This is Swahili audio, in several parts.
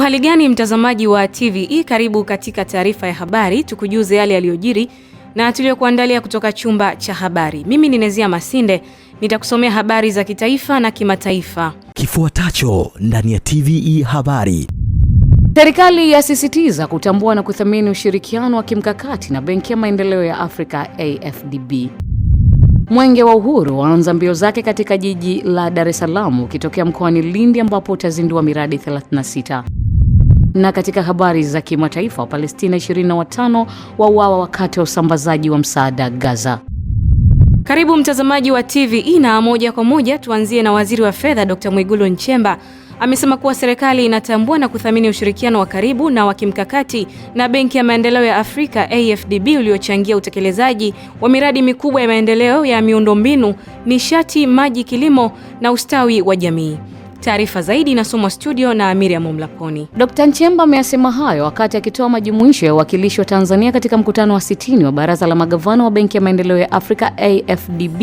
Uhali gani mtazamaji wa TVE, karibu katika taarifa ya habari, tukujuze yale yaliyojiri na tuliyokuandalia kutoka chumba cha habari. Mimi ni Nezia Masinde, nitakusomea habari za kitaifa na kimataifa kifuatacho ndani ya TVE habari. Serikali yasisitiza kutambua na kuthamini ushirikiano wa kimkakati na Benki ya Maendeleo ya Afrika AfDB. Mwenge wa Uhuru waanza mbio zake katika jiji la Dar es Salaam ukitokea mkoani Lindi ambapo utazindua miradi 36. Na katika habari za kimataifa, wapalestina 25 wauawa wakati wa usambazaji wa msaada Gaza. Karibu mtazamaji wa TVE na moja kwa moja tuanzie na waziri wa fedha d Mwigulu Nchemba amesema kuwa serikali inatambua na kuthamini ushirikiano wa karibu na wa kimkakati na Benki ya Maendeleo ya Afrika AFDB uliochangia utekelezaji wa miradi mikubwa ya maendeleo ya miundombinu, nishati, maji, kilimo na ustawi wa jamii. Taarifa zaidi inasomwa studio na Miriam Mlaponi. dkt Nchemba ameyasema hayo wakati akitoa majumuisho ya uwakilishi wa Tanzania katika mkutano wa 60 wa Baraza la Magavana wa Benki ya Maendeleo ya Afrika AfDB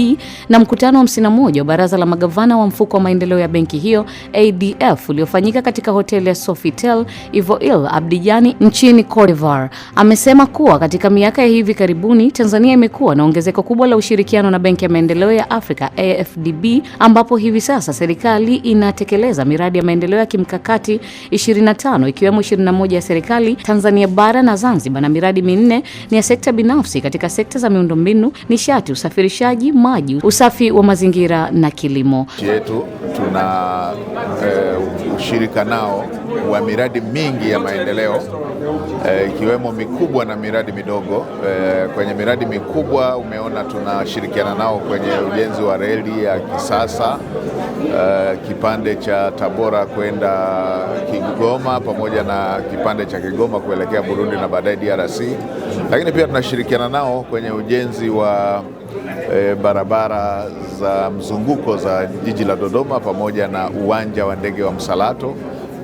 na mkutano wa 51 wa Baraza la Magavana wa Mfuko wa Maendeleo ya benki hiyo ADF uliofanyika katika hoteli ya Sofitel Ivoil abdijani nchini Cote d'Ivoire. Amesema kuwa katika miaka ya hivi karibuni Tanzania imekuwa na ongezeko kubwa la ushirikiano na Benki ya Maendeleo ya Afrika AfDB ambapo hivi sasa serikali inate kutekeleza miradi ya maendeleo ya kimkakati 25 ikiwemo 21 ya serikali Tanzania bara na Zanzibar na miradi minne ni ya sekta binafsi katika sekta za miundombinu, nishati, usafirishaji, maji, usafi wa mazingira na kilimo. Nchi yetu tuna eh, ushirika nao wa miradi mingi ya maendeleo eh, ikiwemo mikubwa na miradi midogo eh, kwenye miradi mikubwa umeona tunashirikiana nao kwenye ujenzi wa reli ya kisasa eh, kipande cha Tabora kwenda Kigoma pamoja na kipande cha Kigoma kuelekea Burundi na baadaye DRC, lakini pia tunashirikiana nao kwenye ujenzi wa E, barabara za mzunguko za jiji la Dodoma pamoja na uwanja wa ndege wa Msalato.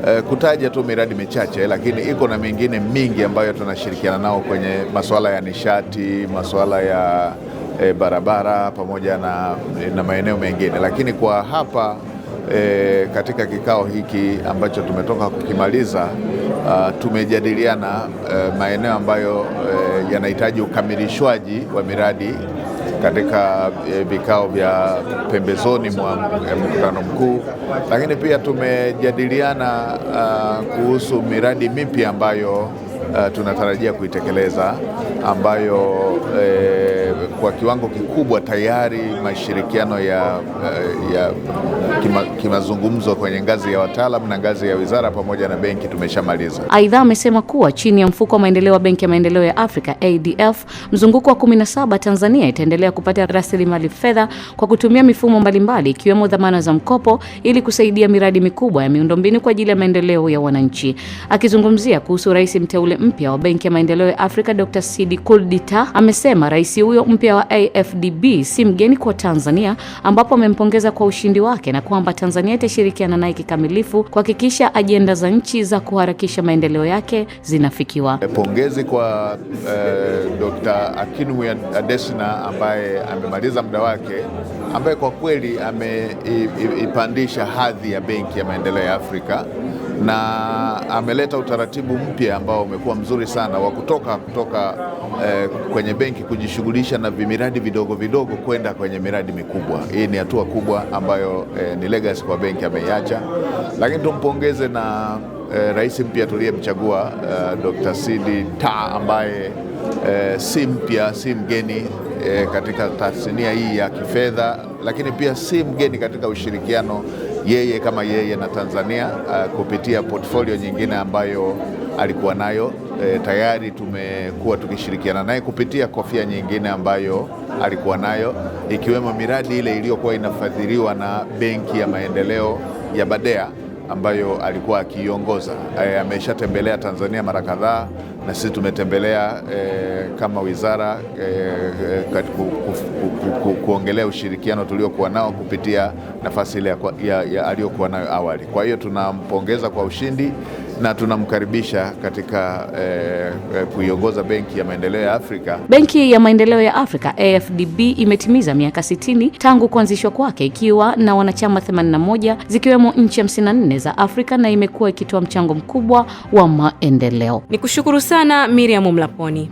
Eh, kutaja tu miradi michache, lakini iko na mingine mingi ambayo tunashirikiana nao kwenye masuala ya nishati, masuala ya e, barabara pamoja na, na maeneo mengine, lakini kwa hapa e, katika kikao hiki ambacho tumetoka kukimaliza Uh, tumejadiliana uh, maeneo ambayo uh, yanahitaji ukamilishwaji wa miradi katika eh, vikao vya pembezoni mwa mkutano mkuu, lakini pia tumejadiliana uh, kuhusu miradi mipya ambayo uh, tunatarajia kuitekeleza ambayo e, kwa kiwango kikubwa tayari mashirikiano ya, eh, ya kimazungumzo kima kwenye ngazi ya wataalamu na ngazi ya wizara pamoja na benki tumeshamaliza. Aidha, amesema kuwa chini ya mfuko wa maendeleo wa Benki ya Maendeleo ya Afrika ADF, mzunguko wa 17 Tanzania itaendelea kupata rasilimali fedha kwa kutumia mifumo mbalimbali ikiwemo dhamana za mkopo ili kusaidia miradi mikubwa ya miundombinu kwa ajili ya maendeleo ya wananchi. Akizungumzia kuhusu rais mteule mpya wa Benki ya Maendeleo ya Afrika Dr. CD Saidi Kuldita amesema rais huyo mpya wa AfDB si mgeni kwa Tanzania, ambapo amempongeza kwa ushindi wake na kwamba Tanzania itashirikiana naye kikamilifu kuhakikisha ajenda za nchi za kuharakisha maendeleo yake zinafikiwa. Pongezi kwa uh, eh, Dr. Akinwumi Adesina ambaye amemaliza muda wake, ambaye kwa kweli ameipandisha hadhi ya Benki ya Maendeleo ya Afrika na ameleta utaratibu mpya ambao umekuwa mzuri sana wa kutoka kutoka eh, kwenye benki kujishughulisha na vimiradi vidogo vidogo kwenda kwenye miradi mikubwa. Hii ni hatua kubwa ambayo eh, ni legacy kwa benki ameiacha, lakini tumpongeze na eh, rais mpya tuliyemchagua eh, Dr. Sidi Ta ambaye eh, si mpya si mgeni eh, katika tasnia hii ya kifedha, lakini pia si mgeni katika ushirikiano yeye kama yeye na Tanzania uh, kupitia portfolio nyingine ambayo alikuwa nayo e, tayari tumekuwa tukishirikiana naye kupitia kofia nyingine ambayo alikuwa nayo ikiwemo miradi ile iliyokuwa inafadhiliwa na Benki ya Maendeleo ya Badea ambayo alikuwa akiiongoza. E, ameshatembelea Tanzania mara kadhaa na sisi tumetembelea eh, kama wizara eh, eh ku, ku, ku, ku, kuongelea ushirikiano tuliokuwa nao kupitia nafasi ile aliyokuwa nayo awali. Kwa hiyo tunampongeza kwa ushindi na tunamkaribisha katika eh, eh, kuiongoza Benki ya Maendeleo ya Afrika. Benki ya Maendeleo ya Afrika AfDB imetimiza miaka 60 tangu kuanzishwa kwake ikiwa na wanachama 81 zikiwemo nchi 54 za Afrika na imekuwa ikitoa mchango mkubwa wa maendeleo. Nikushukuru sana Miriam Mlaponi.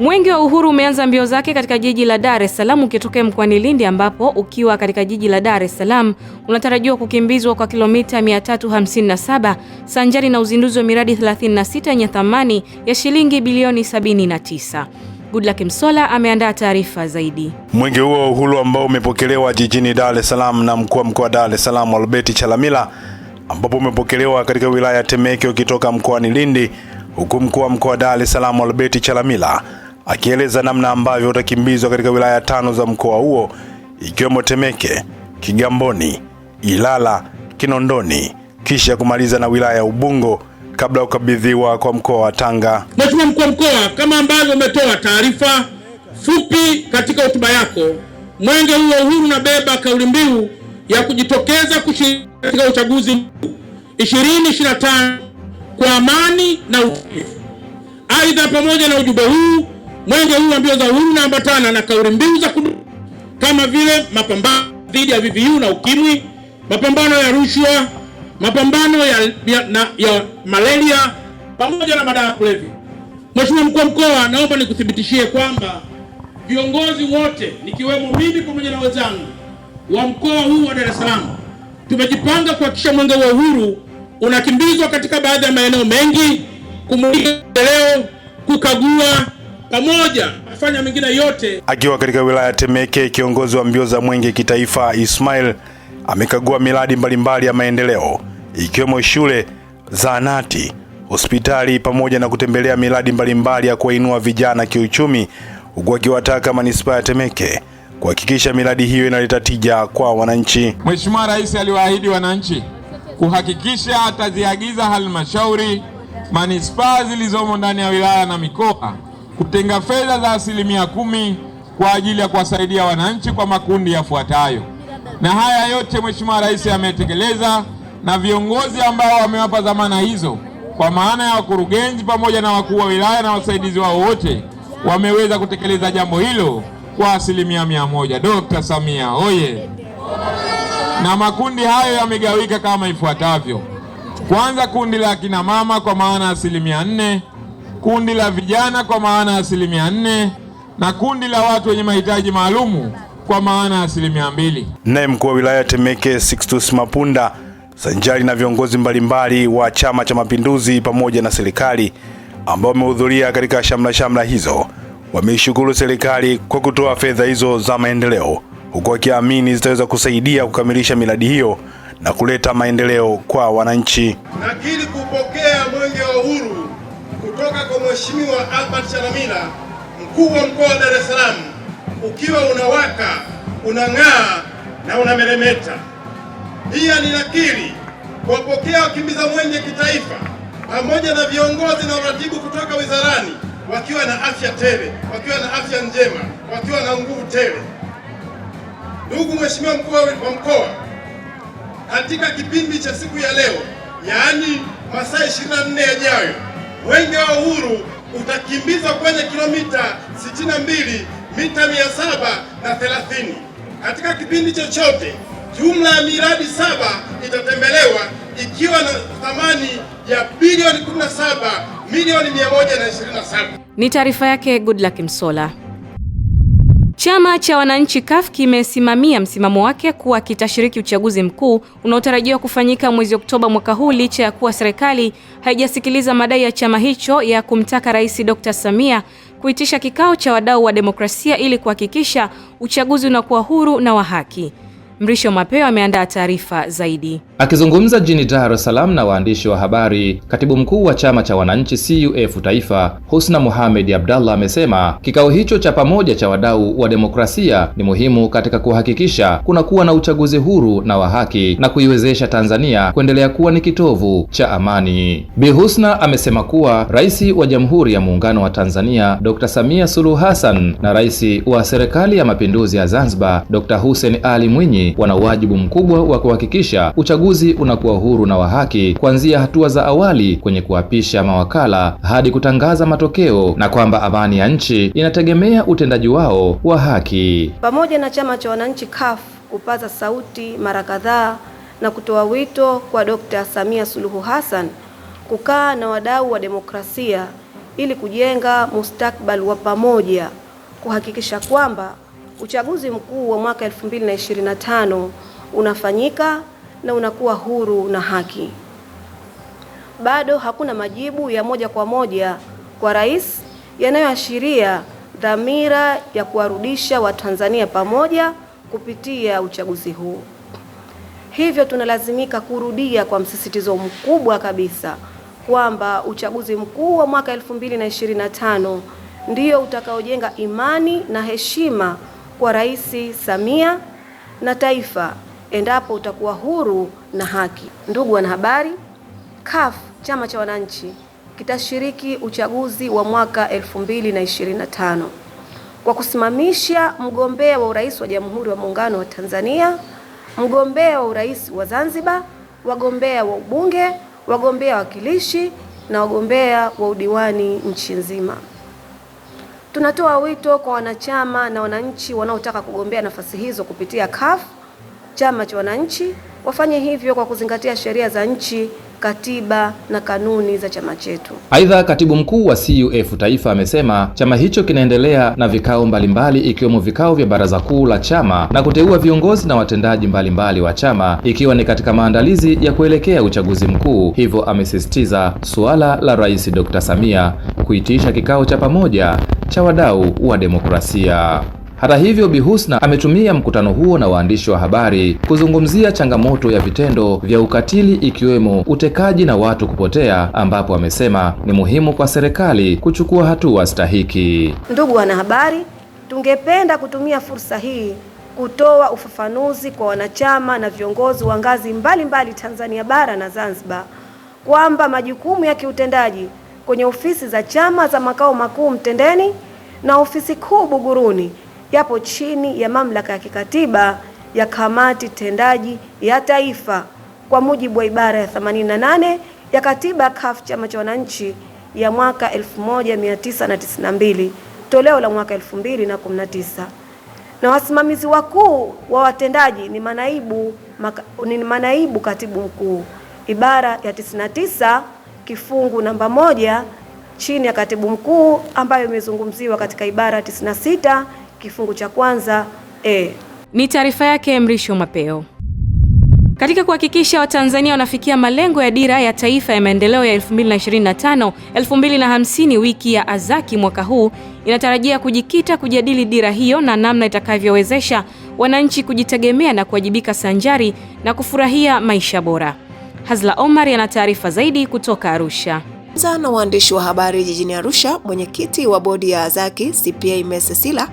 Mwenge wa Uhuru umeanza mbio zake katika jiji la Dar es Salaam ukitokea mkoani Lindi, ambapo ukiwa katika jiji la Dar es Salaam unatarajiwa kukimbizwa kwa kilomita 357 sanjari na uzinduzi wa miradi 36 yenye thamani ya shilingi bilioni 79. Goodluck Msola ameandaa taarifa zaidi. Mwenge huo wa Uhuru ambao umepokelewa jijini Dar es Salaam na mkuu wa mkoa wa Dar es Salaam Albert Chalamila, ambapo umepokelewa katika wilaya ya Temeke ukitoka mkoani Lindi, huku mkuu wa mkoa wa Dar es Salaam Albert Chalamila akieleza namna ambavyo utakimbizwa katika wilaya tano za mkoa huo ikiwemo Temeke, Kigamboni, Ilala, Kinondoni, kisha kumaliza na wilaya ya Ubungo kabla ya kukabidhiwa kwa mkoa wa Tanga. Mheshimiwa mkuu wa mkoa, kama ambavyo umetoa taarifa fupi katika hotuba yako, mwenge huo uhuru unabeba kauli mbiu ya kujitokeza kushiriki katika uchaguzi 2025 kwa amani na utulivu. Aidha, pamoja na ujumbe huu Mwenge huu wa mbio za uhuru unaambatana na kauli mbiu za kudumu kama vile mapambano dhidi ya VVU na ukimwi, mapambano ya rushwa, mapambano ya, ya, na, ya malaria pamoja na madawa ya kulevya. Mheshimiwa mkuu wa mkoa, naomba nikuthibitishie kwamba viongozi wote nikiwemo mimi pamoja na wenzangu wa mkoa huu wa Dar es Salaam tumejipanga kuhakikisha mwenge wa uhuru unakimbizwa katika baadhi ya maeneo mengi, kumulika leo, kukagua pamoja afanya mengine yote. Akiwa katika wilaya ya Temeke, kiongozi wa mbio za mwenge kitaifa Ismail amekagua miradi mbalimbali ya maendeleo ikiwemo shule, zahanati, hospitali pamoja na kutembelea miradi mbalimbali ya kuwainua vijana kiuchumi, huku akiwataka manispaa ya Temeke kuhakikisha miradi hiyo inaleta tija kwa wananchi. Mheshimiwa Rais aliwaahidi wananchi kuhakikisha ataziagiza halmashauri manispaa zilizomo ndani ya wilaya na mikoa kutenga fedha za asilimia kumi kwa ajili ya kuwasaidia wananchi kwa makundi yafuatayo. Na haya yote Mheshimiwa Rais ametekeleza, na viongozi ambao wamewapa dhamana hizo kwa maana ya wakurugenzi pamoja na wakuu wa wilaya na wasaidizi wao wote wameweza kutekeleza jambo hilo kwa asilimia mia moja. Dr. Samia oye! Na makundi hayo yamegawika kama ifuatavyo. Kwanza, kundi la kina mama kwa maana asilimia nne kundi la vijana kwa maana ya asilimia nne na kundi la watu wenye mahitaji maalumu kwa maana ya asilimia mbili. Naye mkuu wa wilaya Temeke Sixtus Mapunda sanjari na viongozi mbalimbali wa Chama cha Mapinduzi pamoja na serikali ambao wamehudhuria katika shamla shamla hizo wameishukuru serikali kwa kutoa fedha hizo za maendeleo, huku wakiamini zitaweza kusaidia kukamilisha miradi hiyo na kuleta maendeleo kwa wananchi. Nakiri kupokea kutoka kwa Mheshimiwa Albert Chalamila, mkuu wa mkoa wa Dar es Salaam, ukiwa unawaka, unang'aa na unameremeta. Pia ninakiri kuwapokea wakimbiza mwenge kitaifa pamoja na viongozi na waratibu kutoka wizarani wakiwa na afya tele, wakiwa na afya njema, wakiwa na nguvu tele. Ndugu Mheshimiwa mkuu wa mkoa, katika kipindi cha siku ya leo, yaani masaa 24 yajayo Mwenge wa Uhuru utakimbizwa kwenye kilomita 62 mita 730. Katika kipindi chochote, jumla ya miradi saba itatembelewa ikiwa na thamani ya bilioni 17 milioni 127. Ni taarifa yake Goodluck msola Chama cha wananchi CUF kimesimamia msimamo wake kuwa kitashiriki uchaguzi mkuu unaotarajiwa kufanyika mwezi Oktoba mwaka huu licha ya kuwa serikali haijasikiliza madai ya chama hicho ya kumtaka Rais Dr. Samia kuitisha kikao cha wadau wa demokrasia ili kuhakikisha uchaguzi unakuwa huru na wa haki. Mrisho Mapeo ameandaa taarifa zaidi. Akizungumza jijini Dar es Salaam na waandishi wa habari, katibu mkuu wa chama cha wananchi CUF Taifa, Husna Mohamed Abdallah amesema kikao hicho cha pamoja cha wadau wa demokrasia ni muhimu katika kuhakikisha kunakuwa na uchaguzi huru na wa haki na kuiwezesha Tanzania kuendelea kuwa ni kitovu cha amani. Bi Husna amesema kuwa Rais wa Jamhuri ya Muungano wa Tanzania Dr. Samia Suluhu Hassan na Rais wa Serikali ya Mapinduzi ya Zanzibar Dr. Hussein Ali Mwinyi wana wajibu mkubwa wa kuhakikisha uchaguzi uchaguzi unakuwa huru na wa haki kuanzia hatua za awali kwenye kuapisha mawakala hadi kutangaza matokeo na kwamba amani ya nchi inategemea utendaji wao wa haki. Pamoja na chama cha wananchi CUF kupaza sauti mara kadhaa na kutoa wito kwa Dkt. Samia Suluhu Hassan kukaa na wadau wa demokrasia ili kujenga mustakbali wa pamoja kuhakikisha kwamba uchaguzi mkuu wa mwaka 2025 unafanyika na unakuwa huru na haki. Bado hakuna majibu ya moja kwa moja kwa rais yanayoashiria dhamira ya kuwarudisha Watanzania pamoja kupitia uchaguzi huu. Hivyo tunalazimika kurudia kwa msisitizo mkubwa kabisa kwamba uchaguzi mkuu wa mwaka 2025 ndio utakaojenga imani na heshima kwa Rais Samia na taifa endapo utakuwa huru na haki. Ndugu wanahabari, CUF chama cha wananchi kitashiriki uchaguzi wa mwaka 2025 kwa kusimamisha mgombea wa urais wa Jamhuri wa Muungano wa Tanzania, mgombea wa urais wa Zanzibar, wagombea wa ubunge, wagombea wakilishi na wagombea wa udiwani nchi nzima. Tunatoa wito kwa wanachama na wananchi wanaotaka kugombea nafasi hizo kupitia CUF chama cha wananchi wafanye hivyo kwa kuzingatia sheria za nchi, katiba na kanuni za chama chetu. Aidha, katibu mkuu wa CUF Taifa amesema chama hicho kinaendelea na vikao mbalimbali ikiwemo vikao vya baraza kuu la chama na kuteua viongozi na watendaji mbalimbali mbali wa chama ikiwa ni katika maandalizi ya kuelekea uchaguzi mkuu. Hivyo amesisitiza suala la Rais Dr. Samia kuitisha kikao cha pamoja cha wadau wa demokrasia. Hata hivyo, Bi Husna ametumia mkutano huo na waandishi wa habari kuzungumzia changamoto ya vitendo vya ukatili ikiwemo utekaji na watu kupotea, ambapo amesema ni muhimu kwa serikali kuchukua hatua stahiki. Ndugu wanahabari, tungependa kutumia fursa hii kutoa ufafanuzi kwa wanachama na viongozi wa ngazi mbalimbali Tanzania bara na Zanzibar kwamba majukumu ya kiutendaji kwenye ofisi za chama za makao makuu Mtendeni na ofisi kuu Buguruni yapo chini ya mamlaka ya kikatiba ya kamati tendaji ya taifa kwa mujibu wa ibara ya 88 ya katiba CUF chama cha wananchi ya mwaka 1992 toleo la mwaka 2019 na wasimamizi wakuu wa watendaji ni manaibu, maka, ni manaibu katibu mkuu ibara ya 99 kifungu namba moja chini ya katibu mkuu ambayo imezungumziwa katika ibara 96 kifungu cha kwanza e. Ni taarifa yake Mrisho Mapeo. Katika kuhakikisha Watanzania wanafikia malengo ya Dira ya Taifa ya Maendeleo ya 2025 2050, wiki ya AZAKI mwaka huu inatarajia kujikita kujadili dira hiyo na namna itakavyowezesha wananchi kujitegemea na kuwajibika sanjari na kufurahia maisha bora. Hazla Omar ana taarifa zaidi kutoka Arusha. Na waandishi wa habari jijini Arusha, mwenyekiti wa bodi ya AZAKI CPA Mesesila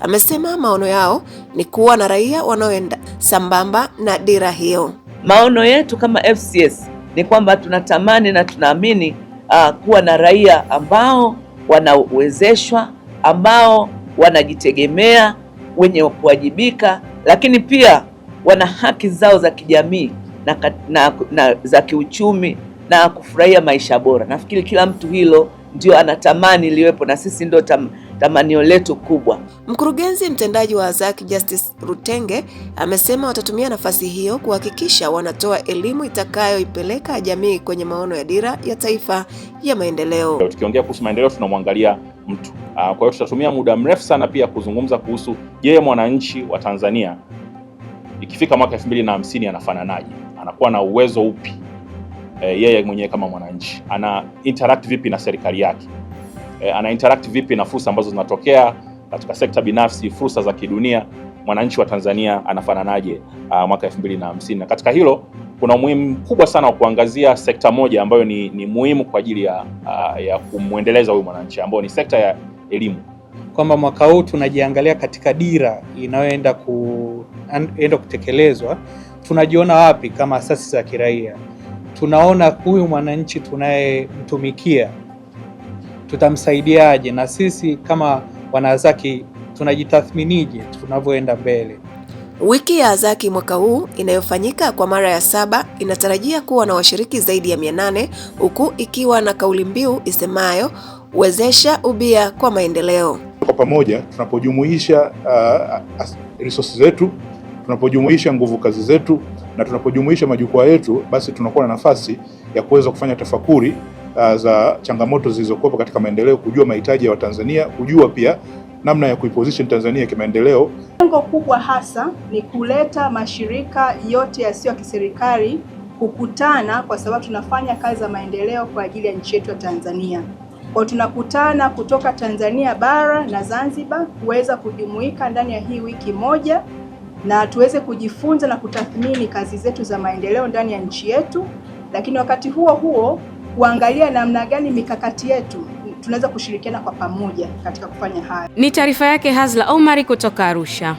amesema maono yao ni kuwa na raia wanaoenda sambamba na dira hiyo. Maono yetu kama FCS ni kwamba tunatamani na tunaamini uh, kuwa na raia ambao wanawezeshwa, ambao wanajitegemea, wenye kuwajibika, lakini pia wana haki zao za kijamii na, na, na za kiuchumi na kufurahia maisha bora. Nafikiri kila mtu hilo ndio anatamani liwepo, na sisi ndio tamanio letu kubwa. Mkurugenzi mtendaji wa Azaki Justice Rutenge amesema watatumia nafasi hiyo kuhakikisha wanatoa elimu itakayoipeleka jamii kwenye maono ya dira ya taifa ya maendeleo. Tukiongea kuhusu maendeleo, tunamwangalia mtu. Ah, kwa hiyo tutatumia muda mrefu sana pia kuzungumza kuhusu je, mwananchi wa Tanzania ikifika mwaka 2050 anafananaje? Anakuwa na uwezo upi? E, yeye mwenyewe kama mwananchi ana interact vipi na serikali yake? e, ana interact vipi na fursa ambazo zinatokea katika sekta binafsi, fursa za kidunia, mwananchi wa Tanzania anafananaje ah, mwaka 2050. Na katika hilo kuna umuhimu mkubwa sana wa kuangazia sekta moja ambayo ni, ni muhimu kwa ajili ya, ah, ya kumwendeleza huyu mwananchi ambayo ni sekta ya elimu, kwamba mwaka huu tunajiangalia katika dira inayoenda ku, enda kutekelezwa, tunajiona wapi kama asasi za kiraia, tunaona huyu mwananchi tunayemtumikia tutamsaidiaje, na sisi kama wanaazaki tunajitathminije tunavyoenda mbele. Wiki ya Azaki mwaka huu inayofanyika kwa mara ya saba inatarajia kuwa na washiriki zaidi ya 800 huku ikiwa na kauli mbiu isemayo wezesha ubia kwa maendeleo. Kwa pamoja tunapojumuisha uh, resources zetu, tunapojumuisha nguvu kazi zetu na tunapojumuisha majukwaa yetu, basi tunakuwa na nafasi ya kuweza kufanya tafakuri uh, za changamoto zilizokuwepo katika maendeleo, kujua mahitaji ya Watanzania, kujua pia namna ya kuiposition Tanzania kimaendeleo. Lengo kubwa hasa ni kuleta mashirika yote yasiyo ya kiserikali kukutana, kwa sababu tunafanya kazi za maendeleo kwa ajili ya nchi yetu ya Tanzania. Kwa tunakutana kutoka Tanzania bara na Zanzibar kuweza kujumuika ndani ya hii wiki moja na tuweze kujifunza na kutathmini kazi zetu za maendeleo ndani ya nchi yetu, lakini wakati huo huo kuangalia namna gani mikakati yetu tunaweza kushirikiana kwa pamoja katika kufanya haya. Ni taarifa yake Hazla Omari kutoka Arusha.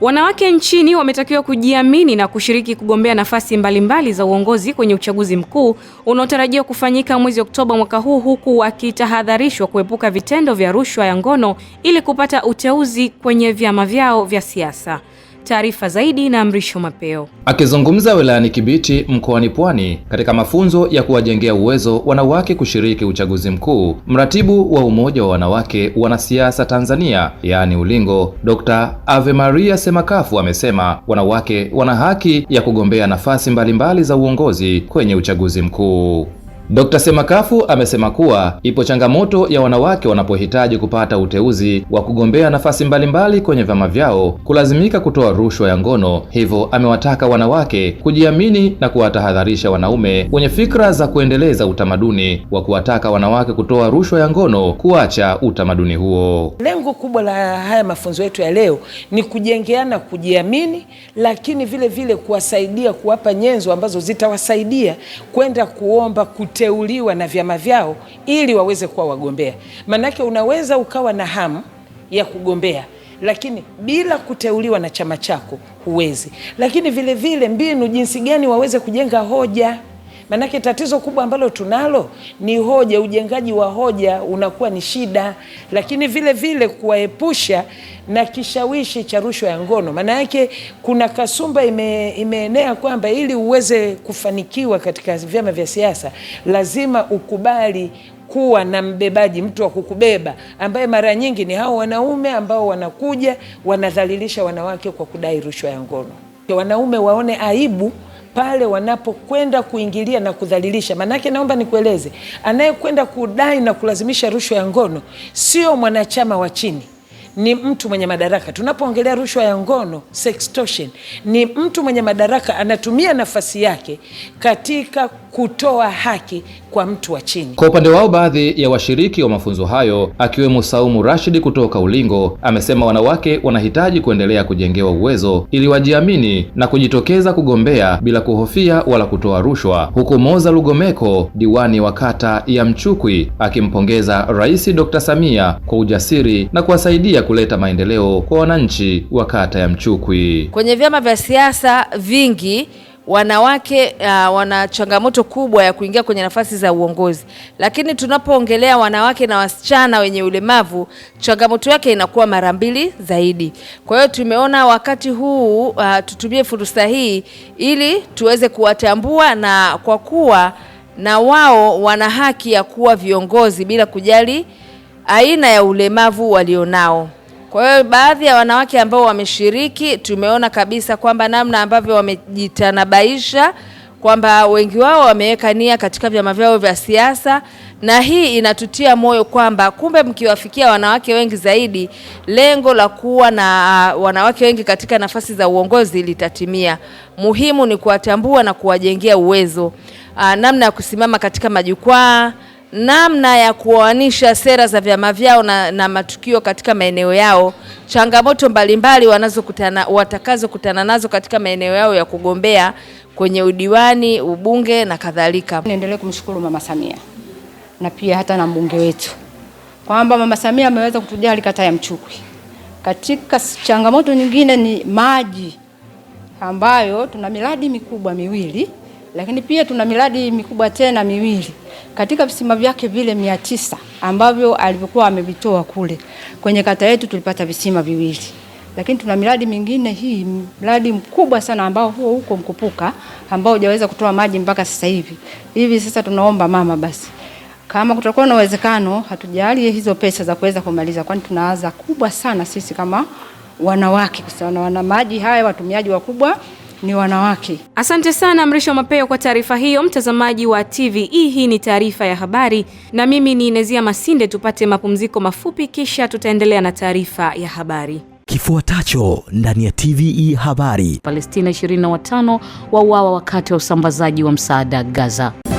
Wanawake nchini wametakiwa kujiamini na kushiriki kugombea nafasi mbalimbali mbali za uongozi kwenye uchaguzi mkuu unaotarajiwa kufanyika mwezi Oktoba mwaka huu, huku wakitahadharishwa kuepuka vitendo vya rushwa ya ngono ili kupata uteuzi kwenye vyama vyao vya siasa. Taarifa zaidi na Mrisho Mapeo. Akizungumza wilayani Kibiti mkoani Pwani katika mafunzo ya kuwajengea uwezo wanawake kushiriki uchaguzi mkuu, mratibu wa Umoja wa Wanawake Wanasiasa Tanzania yaani Ulingo, Dr. Ave Maria Semakafu amesema wanawake wana haki ya kugombea nafasi mbalimbali za uongozi kwenye uchaguzi mkuu. Dkt. Semakafu amesema kuwa ipo changamoto ya wanawake wanapohitaji kupata uteuzi wa kugombea nafasi mbalimbali kwenye vyama vyao kulazimika kutoa rushwa ya ngono, hivyo amewataka wanawake kujiamini na kuwatahadharisha wanaume wenye fikra za kuendeleza utamaduni wa kuwataka wanawake kutoa rushwa ya ngono kuacha utamaduni huo. Lengo kubwa la haya mafunzo yetu ya leo ni kujengeana kujiamini, lakini vile vile kuwasaidia, kuwapa nyenzo ambazo zitawasaidia kwenda kuomba kutu kuteuliwa na vyama vyao ili waweze kuwa wagombea. Maanake unaweza ukawa na hamu ya kugombea lakini bila kuteuliwa na chama chako huwezi. Lakini vile vile mbinu jinsi gani waweze kujenga hoja Maanake tatizo kubwa ambalo tunalo ni hoja, ujengaji wa hoja unakuwa ni shida, lakini vile vile kuwaepusha na kishawishi cha rushwa ya ngono. Maana yake kuna kasumba ime, imeenea kwamba ili uweze kufanikiwa katika vyama vya siasa lazima ukubali kuwa na mbebaji, mtu wa kukubeba ambaye mara nyingi ni hao wanaume ambao wanakuja wanadhalilisha wanawake kwa kudai rushwa ya ngono. Wanaume waone aibu pale wanapokwenda kuingilia na kudhalilisha. Maanake naomba nikueleze, anayekwenda kudai na kulazimisha rushwa ya ngono sio mwanachama wa chini ni mtu mwenye madaraka. Tunapoongelea rushwa ya ngono sextortion, ni mtu mwenye madaraka anatumia nafasi yake katika kutoa haki kwa mtu wa chini. Kwa upande wao, baadhi ya washiriki wa mafunzo hayo akiwemo Saumu Rashidi kutoka Ulingo amesema wanawake wanahitaji kuendelea kujengewa uwezo ili wajiamini na kujitokeza kugombea bila kuhofia wala kutoa rushwa, huku Moza Lugomeko, diwani wa kata ya Mchukwi, akimpongeza Rais Dr. Samia kwa ujasiri na kuwasaidia kuleta maendeleo kwa wananchi wa kata ya Mchukwi. Kwenye vyama vya siasa vingi wanawake uh, wana changamoto kubwa ya kuingia kwenye nafasi za uongozi, lakini tunapoongelea wanawake na wasichana wenye ulemavu, changamoto yake inakuwa mara mbili zaidi. Kwa hiyo tumeona wakati huu uh, tutumie fursa hii ili tuweze kuwatambua na kwa kuwa na wao wana haki ya kuwa viongozi bila kujali aina ya ulemavu walionao. Kwa hiyo baadhi ya wanawake ambao wameshiriki tumeona kabisa kwamba namna ambavyo wamejitanabaisha kwamba wengi wao wameweka nia katika vyama vyao vya siasa, na hii inatutia moyo kwamba kumbe mkiwafikia wanawake wengi zaidi, lengo la kuwa na uh, wanawake wengi katika nafasi za uongozi litatimia. Muhimu ni kuwatambua na kuwajengea uwezo, uh, namna ya kusimama katika majukwaa namna ya kuoanisha sera za vyama vyao na, na matukio katika maeneo yao, changamoto mbalimbali wanazokutana watakazokutana nazo katika maeneo yao ya kugombea kwenye udiwani, ubunge na kadhalika. Niendelee kumshukuru Mama Samia na pia hata na mbunge wetu kwamba Mama Samia ameweza kutujali kata ya Mchukwi. Katika changamoto nyingine ni maji, ambayo tuna miradi mikubwa miwili, lakini pia tuna miradi mikubwa tena miwili katika visima vyake vile mia tisa ambavyo alivyokuwa amevitoa kule kwenye kata yetu tulipata visima viwili, lakini tuna miradi mingine hii, mradi mkubwa sana ambao huo huko Mkupuka ambao hujaweza kutoa maji mpaka sasa hivi. Hivi sasa tunaomba mama basi kama kutakuwa na uwezekano hatujali hizo pesa za kuweza kumaliza, kwani tunaanza kubwa sana sisi kama wanawake, kwa sababu wana maji haya watumiaji wakubwa ni wanawake. Asante sana Mrisho Mapeo kwa taarifa hiyo. Mtazamaji wa TVE, hii ni taarifa ya habari na mimi ni nezia Masinde. Tupate mapumziko mafupi, kisha tutaendelea na taarifa ya habari. Kifuatacho ndani ya TVE habari. Palestina 25 wauawa wakati wa usambazaji wa msaada Gaza.